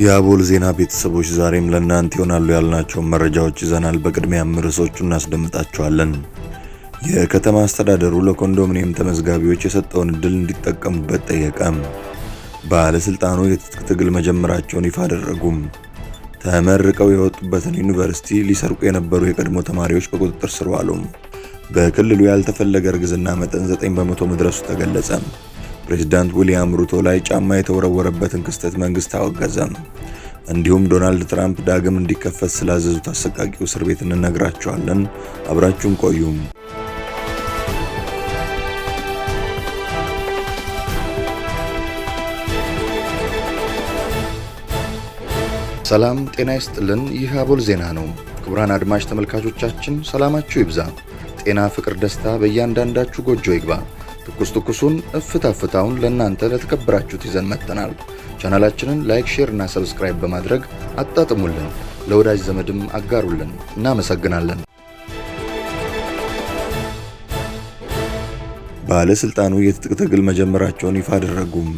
የአቦል ዜና ቤተሰቦች ዛሬም ለእናንተ ይሆናሉ ያልናቸውን መረጃዎች ይዘናል። በቅድሚያ ርዕሶቹ እናስደምጣቸዋለን። የከተማ አስተዳደሩ ለኮንዶሚኒየም ተመዝጋቢዎች የሰጠውን እድል እንዲጠቀሙበት ጠየቀ። ባለስልጣኑ የትጥቅ ትግል መጀመራቸውን ይፋ አደረጉም። ተመርቀው የወጡበትን ዩኒቨርሲቲ ሊሰርቁ የነበሩ የቀድሞ ተማሪዎች በቁጥጥር ስር ዋሉም። በክልሉ ያልተፈለገ እርግዝና መጠን 9 በመቶ መድረሱ ተገለጸ። ፕሬዚዳንት ዊሊያም ሩቶ ላይ ጫማ የተወረወረበትን ክስተት መንግስት አወገዘ። እንዲሁም ዶናልድ ትራምፕ ዳግም እንዲከፈት ስላዘዙት አሰቃቂው እስር ቤት እንነግራችኋለን። አብራችሁን ቆዩም። ሰላም ጤና ይስጥልን። ይህ አቦል ዜና ነው። ክቡራን አድማጭ ተመልካቾቻችን ሰላማችሁ ይብዛ፣ ጤና፣ ፍቅር፣ ደስታ በእያንዳንዳችሁ ጎጆ ይግባ። ትኩስ ትኩሱን እፍታ ፍታውን ለእናንተ ለተከበራችሁት ይዘን መጥተናል። ቻናላችንን ላይክ፣ ሼር እና ሰብስክራይብ በማድረግ አጣጥሙልን፣ ለወዳጅ ዘመድም አጋሩልን። እናመሰግናለን። ባለስልጣኑ የትጥቅ ትግል መጀመራቸውን ይፋ አደረጉም።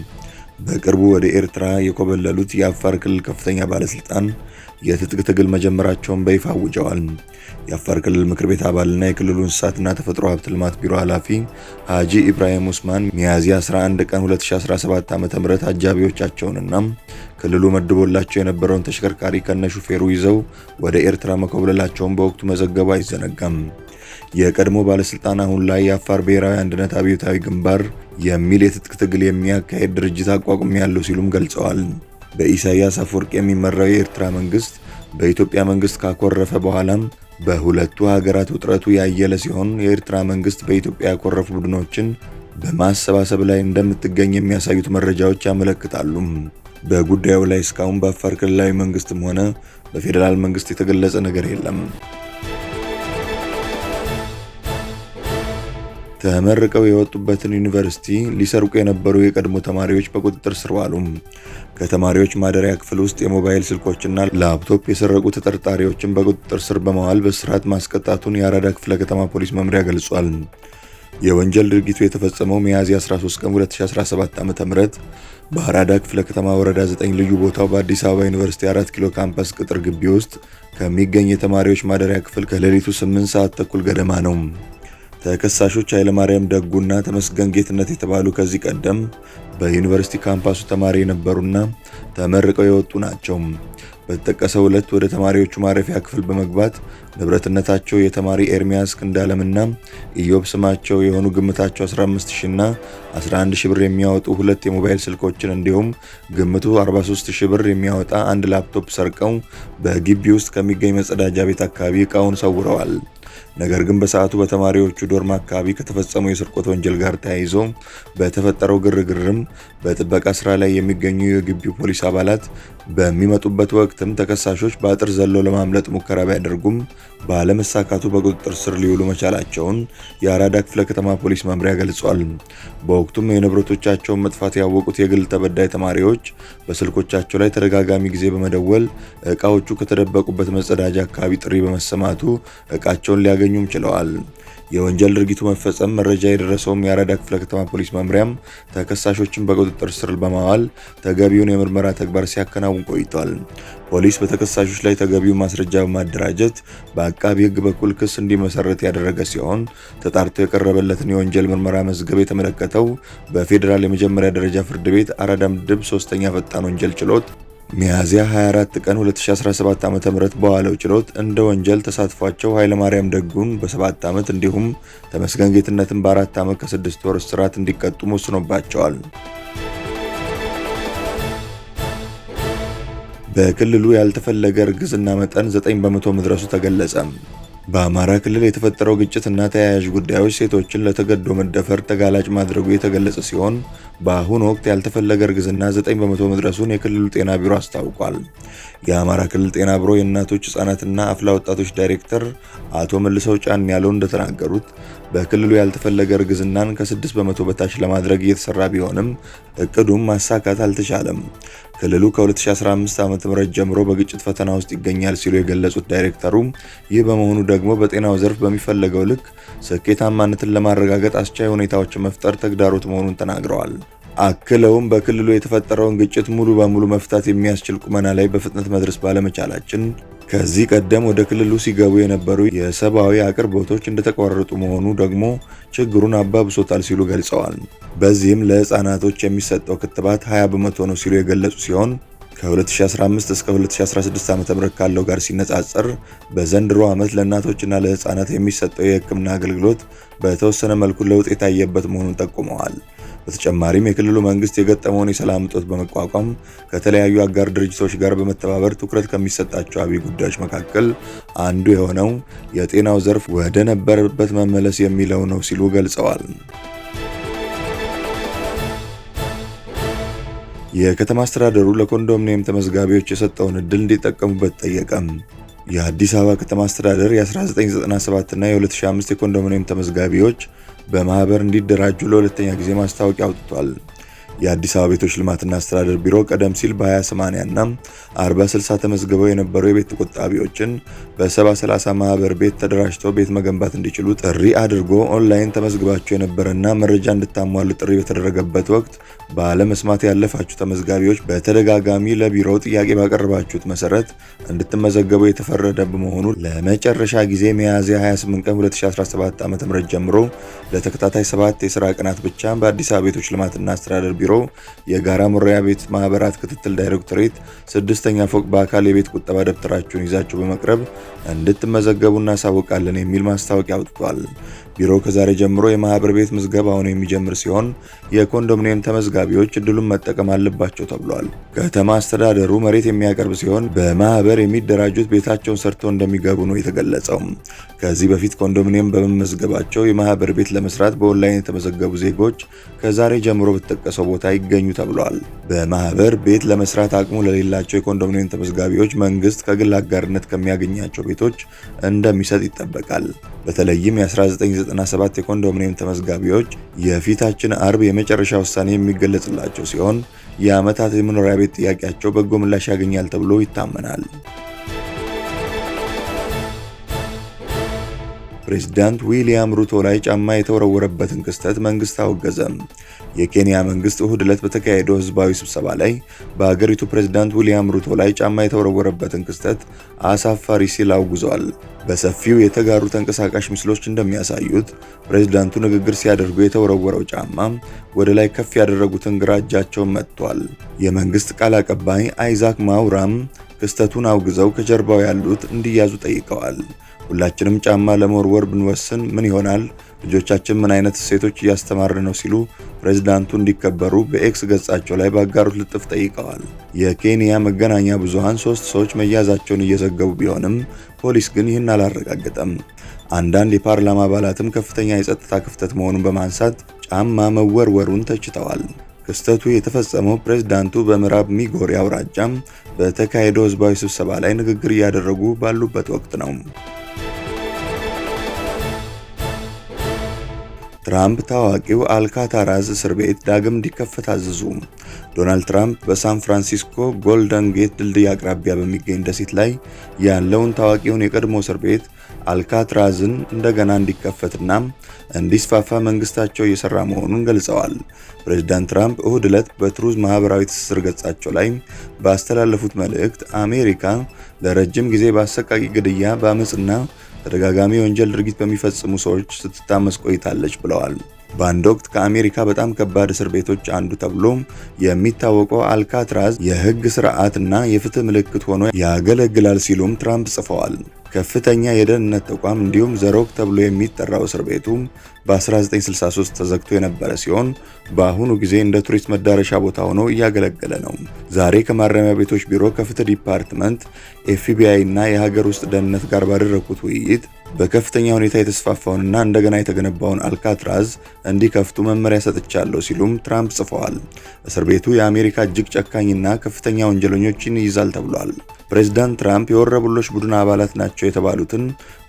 በቅርቡ ወደ ኤርትራ የኮበለሉት የአፋር ክልል ከፍተኛ ባለስልጣን የትጥቅ ትግል መጀመራቸውን በይፋ አውጀዋል። የአፋር ክልል ምክር ቤት አባልና የክልሉ እንስሳትና ተፈጥሮ ሀብት ልማት ቢሮ ኃላፊ ሀጂ ኢብራሂም ኡስማን ሚያዝያ 11 ቀን 2017 ዓ.ም አጃቢዎቻቸውንና ክልሉ መድቦላቸው የነበረውን ተሽከርካሪ ከነ ሹፌሩ ይዘው ወደ ኤርትራ መኮብለላቸውን በወቅቱ መዘገቡ አይዘነጋም። የቀድሞ ባለስልጣን አሁን ላይ የአፋር ብሔራዊ አንድነት አብዮታዊ ግንባር የሚል የትጥቅ ትግል የሚያካሄድ ድርጅት አቋቁም ያለው ሲሉም ገልጸዋል። በኢሳያስ አፈወርቅ የሚመራው የኤርትራ መንግስት በኢትዮጵያ መንግስት ካኮረፈ በኋላም በሁለቱ ሀገራት ውጥረቱ ያየለ ሲሆን የኤርትራ መንግስት በኢትዮጵያ ያኮረፉ ቡድኖችን በማሰባሰብ ላይ እንደምትገኝ የሚያሳዩት መረጃዎች ያመለክታሉ። በጉዳዩ ላይ እስካሁን በአፋር ክልላዊ መንግስትም ሆነ በፌዴራል መንግስት የተገለጸ ነገር የለም። ተመርቀው የወጡበትን ዩኒቨርሲቲ ሊሰርቁ የነበሩ የቀድሞ ተማሪዎች በቁጥጥር ስር ዋሉ። ከተማሪዎች ማደሪያ ክፍል ውስጥ የሞባይል ስልኮችና ላፕቶፕ የሰረቁ ተጠርጣሪዎችን በቁጥጥር ስር በመዋል በስርዓት ማስቀጣቱን የአራዳ ክፍለ ከተማ ፖሊስ መምሪያ ገልጿል። የወንጀል ድርጊቱ የተፈጸመው ሚያዝያ 13 ቀን 2017 ዓ.ም በአራዳ ክፍለ ከተማ ወረዳ 9 ልዩ ቦታው በአዲስ አበባ ዩኒቨርሲቲ 4 ኪሎ ካምፓስ ቅጥር ግቢ ውስጥ ከሚገኝ የተማሪዎች ማደሪያ ክፍል ከሌሊቱ 8 ሰዓት ተኩል ገደማ ነው። ተከሳሾች ኃይለማርያም ደጉና ተመስገን ጌትነት የተባሉ ከዚህ ቀደም በዩኒቨርሲቲ ካምፓሱ ተማሪ የነበሩና ተመርቀው የወጡ ናቸው። በተጠቀሰው ዕለት ወደ ተማሪዎቹ ማረፊያ ክፍል በመግባት ንብረትነታቸው የተማሪ ኤርሚያስ እንዳለምና ኢዮብ ስማቸው የሆኑ ግምታቸው 15000 እና 11000 ብር የሚያወጡ ሁለት የሞባይል ስልኮችን እንዲሁም ግምቱ 43000 ብር የሚያወጣ አንድ ላፕቶፕ ሰርቀው በግቢ ውስጥ ከሚገኝ መጸዳጃ ቤት አካባቢ እቃውን ሰውረዋል። ነገር ግን በሰዓቱ በተማሪዎቹ ዶርም አካባቢ ከተፈጸመው የስርቆት ወንጀል ጋር ተያይዞ በተፈጠረው ግርግርም በጥበቃ ስራ ላይ የሚገኙ የግቢው ፖሊስ አባላት በሚመጡበት ወቅትም ተከሳሾች በአጥር ዘሎ ለማምለጥ ሙከራ ቢያደርጉም ባለመሳካቱ በቁጥጥር ስር ሊውሉ መቻላቸውን የአራዳ ክፍለ ከተማ ፖሊስ መምሪያ ገልጿል። በወቅቱም የንብረቶቻቸውን መጥፋት ያወቁት የግል ተበዳይ ተማሪዎች በስልኮቻቸው ላይ ተደጋጋሚ ጊዜ በመደወል እቃዎቹ ከተደበቁበት መጸዳጃ አካባቢ ጥሪ በመሰማቱ እቃቸውን ሊያገኙም ችለዋል። የወንጀል ድርጊቱ መፈጸም መረጃ የደረሰውም የአራዳ ክፍለ ከተማ ፖሊስ መምሪያም ተከሳሾችን በቁጥጥር ስር በማዋል ተገቢውን የምርመራ ተግባር ሲያከናውን ቆይቷል። ፖሊስ በተከሳሾች ላይ ተገቢውን ማስረጃ በማደራጀት በአቃቢ ህግ በኩል ክስ እንዲመሰረት ያደረገ ሲሆን ተጣርቶ የቀረበለትን የወንጀል ምርመራ መዝገብ የተመለከተው በፌዴራል የመጀመሪያ ደረጃ ፍርድ ቤት አራዳ ምድብ ሶስተኛ ፈጣን ወንጀል ችሎት ሚያዝያ 24 ቀን 2017 ዓ.ም በዋለው ችሎት እንደ ወንጀል ተሳትፏቸው ኃይለማርያም ደጉን በ7 ዓመት እንዲሁም ተመስገን ጌትነትን ዓመት ከስድስት ወር እስራት እንዲቀጡ ወስኖባቸዋል። በክልሉ ያልተፈለገ እርግዝና መጠን 9 በመቶ መድረሱ ተገለጸ። በአማራ ክልል የተፈጠረው ግጭትና ተያያዥ ጉዳዮች ሴቶችን ለተገዶ መደፈር ተጋላጭ ማድረጉ የተገለጸ ሲሆን በአሁኑ ወቅት ያልተፈለገ እርግዝና 9 በመቶ መድረሱን የክልሉ ጤና ቢሮ አስታውቋል። የአማራ ክልል ጤና ቢሮ የእናቶች ሕፃናትና አፍላ ወጣቶች ዳይሬክተር አቶ መልሰው ጫን ያለው እንደተናገሩት በክልሉ ያልተፈለገ እርግዝናን ከ6 በመቶ በታች ለማድረግ እየተሰራ ቢሆንም እቅዱም ማሳካት አልተቻለም። ክልሉ ከ2015 ዓ.ም ጀምሮ በግጭት ፈተና ውስጥ ይገኛል ሲሉ የገለጹት ዳይሬክተሩ ይህ በመሆኑ ደግሞ በጤናው ዘርፍ በሚፈለገው ልክ ስኬታማነትን ለማረጋገጥ አስቻይ ሁኔታዎችን መፍጠር ተግዳሮት መሆኑን ተናግረዋል። አክለውም በክልሉ የተፈጠረውን ግጭት ሙሉ በሙሉ መፍታት የሚያስችል ቁመና ላይ በፍጥነት መድረስ ባለመቻላችን ከዚህ ቀደም ወደ ክልሉ ሲገቡ የነበሩ የሰብአዊ አቅርቦቶች እንደተቋረጡ መሆኑ ደግሞ ችግሩን አባብሶታል ሲሉ ገልጸዋል። በዚህም ለህፃናቶች የሚሰጠው ክትባት 20 በመቶ ነው ሲሉ የገለጹ ሲሆን ከ2015 እስከ 2016 ዓ.ም ካለው ጋር ሲነጻጸር በዘንድሮ ዓመት ለእናቶችና ለህፃናት የሚሰጠው የህክምና አገልግሎት በተወሰነ መልኩ ለውጥ የታየበት መሆኑን ጠቁመዋል። በተጨማሪም የክልሉ መንግስት የገጠመውን የሰላም እጦት በመቋቋም ከተለያዩ አጋር ድርጅቶች ጋር በመተባበር ትኩረት ከሚሰጣቸው አብይ ጉዳዮች መካከል አንዱ የሆነው የጤናው ዘርፍ ወደ ነበረበት መመለስ የሚለው ነው ሲሉ ገልጸዋል። የከተማ አስተዳደሩ ለኮንዶሚኒየም ተመዝጋቢዎች የሰጠውን እድል እንዲጠቀሙበት ጠየቀም። የአዲስ አበባ ከተማ አስተዳደር የ1997ና የ2005 የኮንዶሚኒየም ተመዝጋቢዎች በማህበር እንዲደራጁ ለሁለተኛ ጊዜ ማስታወቂያ አውጥቷል። የአዲስ አበባ ቤቶች ልማትና አስተዳደር ቢሮ ቀደም ሲል በ20/80 እና 40/60 ተመዝግበው የነበሩ የቤት ቁጣቢዎችን በ70/30 ማህበር ቤት ተደራጅተው ቤት መገንባት እንዲችሉ ጥሪ አድርጎ ኦንላይን ተመዝግባቸው የነበረና መረጃ እንድታሟሉ ጥሪ በተደረገበት ወቅት ባለመስማት ያለፋችሁ ተመዝጋቢዎች በተደጋጋሚ ለቢሮው ጥያቄ ባቀረባችሁት መሰረት እንድትመዘገቡ የተፈረደ በመሆኑ ለመጨረሻ ጊዜ ሚያዝያ 28 ቀን 2017 ዓ.ም ጀምሮ ለተከታታይ ሰባት የስራ ቀናት ብቻ በአዲስ አበባ ቤቶች ልማትና አስተዳደር ቢሮ ቢሮ የጋራ መኖሪያ ቤት ማህበራት ክትትል ዳይሬክቶሬት ስድስተኛ ፎቅ በአካል የቤት ቁጠባ ደብተራችሁን ይዛችሁ በመቅረብ እንድትመዘገቡ እናሳውቃለን የሚል ማስታወቂያ አውጥቷል። ቢሮው ከዛሬ ጀምሮ የማህበር ቤት ምዝገባውን የሚጀምር ሲሆን የኮንዶሚኒየም ተመዝጋቢዎች እድሉን መጠቀም አለባቸው ተብሏል። ከተማ አስተዳደሩ መሬት የሚያቀርብ ሲሆን በማህበር የሚደራጁት ቤታቸውን ሰርተው እንደሚገቡ ነው የተገለጸው። ከዚህ በፊት ኮንዶሚኒየም በመመዝገባቸው የማህበር ቤት ለመስራት በኦንላይን የተመዘገቡ ዜጎች ከዛሬ ጀምሮ በተጠቀሰው ቦታ ይገኙ ተብሏል። በማህበር ቤት ለመስራት አቅሙ ለሌላቸው የኮንዶሚኒየም ተመዝጋቢዎች መንግስት ከግል አጋርነት ከሚያገኛቸው ቤቶች እንደሚሰጥ ይጠበቃል። በተለይም የ1997 የኮንዶሚኒየም ተመዝጋቢዎች የፊታችን አርብ የመጨረሻ ውሳኔ የሚገለጽላቸው ሲሆን የአመታት የመኖሪያ ቤት ጥያቄያቸው በጎ ምላሽ ያገኛል ተብሎ ይታመናል። ፕሬዚዳንት ዊሊያም ሩቶ ላይ ጫማ የተወረወረበትን ክስተት መንግስት አወገዘም። የኬንያ መንግስት እሁድ ዕለት በተካሄደው ህዝባዊ ስብሰባ ላይ በሀገሪቱ ፕሬዚዳንት ዊሊያም ሩቶ ላይ ጫማ የተወረወረበትን ክስተት አሳፋሪ ሲል አውግዟል። በሰፊው የተጋሩ ተንቀሳቃሽ ምስሎች እንደሚያሳዩት ፕሬዚዳንቱ ንግግር ሲያደርጉ የተወረወረው ጫማ ወደ ላይ ከፍ ያደረጉትን ግራ እጃቸውን መጥቷል። የመንግስት ቃል አቀባይ አይዛክ ማውራም ክስተቱን አውግዘው ከጀርባው ያሉት እንዲያዙ ጠይቀዋል። ሁላችንም ጫማ ለመወርወር ብንወስን ምን ይሆናል? ልጆቻችን ምን አይነት እሴቶች እያስተማርን ነው? ሲሉ ፕሬዝዳንቱ እንዲከበሩ በኤክስ ገጻቸው ላይ ባጋሩት ልጥፍ ጠይቀዋል። የኬንያ መገናኛ ብዙሃን ሶስት ሰዎች መያዛቸውን እየዘገቡ ቢሆንም ፖሊስ ግን ይህን አላረጋገጠም። አንዳንድ የፓርላማ አባላትም ከፍተኛ የጸጥታ ክፍተት መሆኑን በማንሳት ጫማ መወርወሩን ተችተዋል። ክስተቱ የተፈጸመው ፕሬዝዳንቱ በምዕራብ ሚጎሪ አውራጃም በተካሄደው ህዝባዊ ስብሰባ ላይ ንግግር እያደረጉ ባሉበት ወቅት ነው። ትራምፕ ታዋቂው አልካታራዝ እስር ቤት ዳግም እንዲከፈት አዘዙ። ዶናልድ ትራምፕ በሳን ፍራንሲስኮ ጎልደን ጌት ድልድይ አቅራቢያ በሚገኝ ደሴት ላይ ያለውን ታዋቂውን የቀድሞ እስር ቤት አልካትራዝን እንደገና እንዲከፈትና እንዲስፋፋ መንግስታቸው እየሰራ መሆኑን ገልጸዋል። ፕሬዚዳንት ትራምፕ እሁድ ዕለት በትሩዝ ማህበራዊ ትስስር ገጻቸው ላይ ባስተላለፉት መልእክት አሜሪካ ለረጅም ጊዜ በአሰቃቂ ግድያ በአመፅና ተደጋጋሚ የወንጀል ድርጊት በሚፈጽሙ ሰዎች ስትታመስ ቆይታለች ብለዋል። በአንድ ወቅት ከአሜሪካ በጣም ከባድ እስር ቤቶች አንዱ ተብሎም የሚታወቀው አልካትራዝ የህግ ስርዓትና የፍትህ ምልክት ሆኖ ያገለግላል ሲሉም ትራምፕ ጽፈዋል። ከፍተኛ የደህንነት ተቋም እንዲሁም ዘሮክ ተብሎ የሚጠራው እስር ቤቱም በ1963 ተዘግቶ የነበረ ሲሆን በአሁኑ ጊዜ እንደ ቱሪስት መዳረሻ ቦታ ሆኖ እያገለገለ ነው። ዛሬ ከማረሚያ ቤቶች ቢሮ ከፍትህ ዲፓርትመንት፣ ኤፍቢአይ እና የሀገር ውስጥ ደህንነት ጋር ባደረኩት ውይይት በከፍተኛ ሁኔታ የተስፋፋውንና እንደገና የተገነባውን አልካትራዝ እንዲከፍቱ መመሪያ ሰጥቻለሁ ሲሉም ትራምፕ ጽፈዋል። እስር ቤቱ የአሜሪካ እጅግ ጨካኝና ከፍተኛ ወንጀለኞችን ይይዛል ተብሏል። ፕሬዚዳንት ትራምፕ የወረቡሎች ቡድን አባላት ናቸው የተባሉትን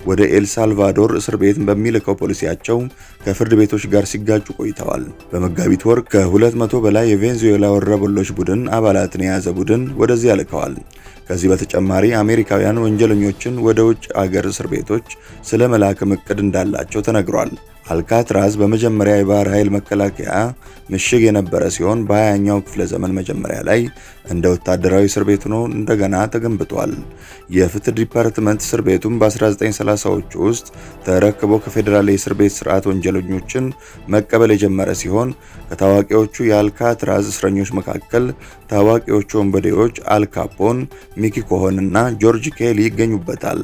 ወደ ኤልሳልቫዶር እስር ቤት በሚልከው ፖሊሲያቸው ከፍርድ ቤቶች ጋር ሲጋጩ ቆይተዋል። በመጋቢት ወር ከ200 በላይ የቬንዙዌላ ወረበሎች ቡድን አባላትን የያዘ ቡድን ወደዚያ ልከዋል። ከዚህ በተጨማሪ አሜሪካውያን ወንጀለኞችን ወደ ውጭ አገር እስር ቤቶች ስለ መላክም እቅድ እንዳላቸው ተነግሯል። አልካትራዝ በመጀመሪያ የባህር ኃይል መከላከያ ምሽግ የነበረ ሲሆን በ20ኛው ክፍለ ዘመን መጀመሪያ ላይ እንደ ወታደራዊ እስር ቤት ሆኖ እንደገና ተገንብቷል። የፍትህ ዲፓርትመንት እስር ቤቱም በ1930ዎቹ ውስጥ ተረክቦ ከፌዴራል የእስር ቤት ስርዓት ወንጀለኞችን መቀበል የጀመረ ሲሆን ከታዋቂዎቹ የአልካትራዝ እስረኞች መካከል ታዋቂዎቹ ወንበዴዎች አልካፖን፣ ሚኪ ኮሆን እና ጆርጅ ኬሊ ይገኙበታል።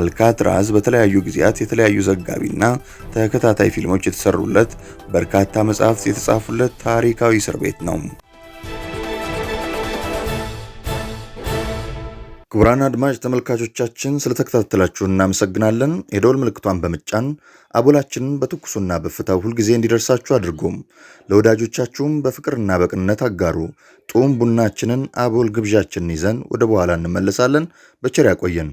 አልካትራዝ በተለያዩ ጊዜያት የተለያዩ ዘጋቢና ተከታ ተከታታይ ፊልሞች የተሰሩለት፣ በርካታ መጽሐፍት የተጻፉለት ታሪካዊ እስር ቤት ነው። ክቡራን አድማጭ ተመልካቾቻችን ስለተከታተላችሁ እናመሰግናለን። የደወል ምልክቷን በመጫን አቦላችንን በትኩሱና በፍታው ሁልጊዜ እንዲደርሳችሁ አድርጎም ለወዳጆቻችሁም በፍቅርና በቅንነት አጋሩ። ጡም ቡናችንን አቦል ግብዣችንን ይዘን ወደ በኋላ እንመለሳለን። በቸር ያቆየን።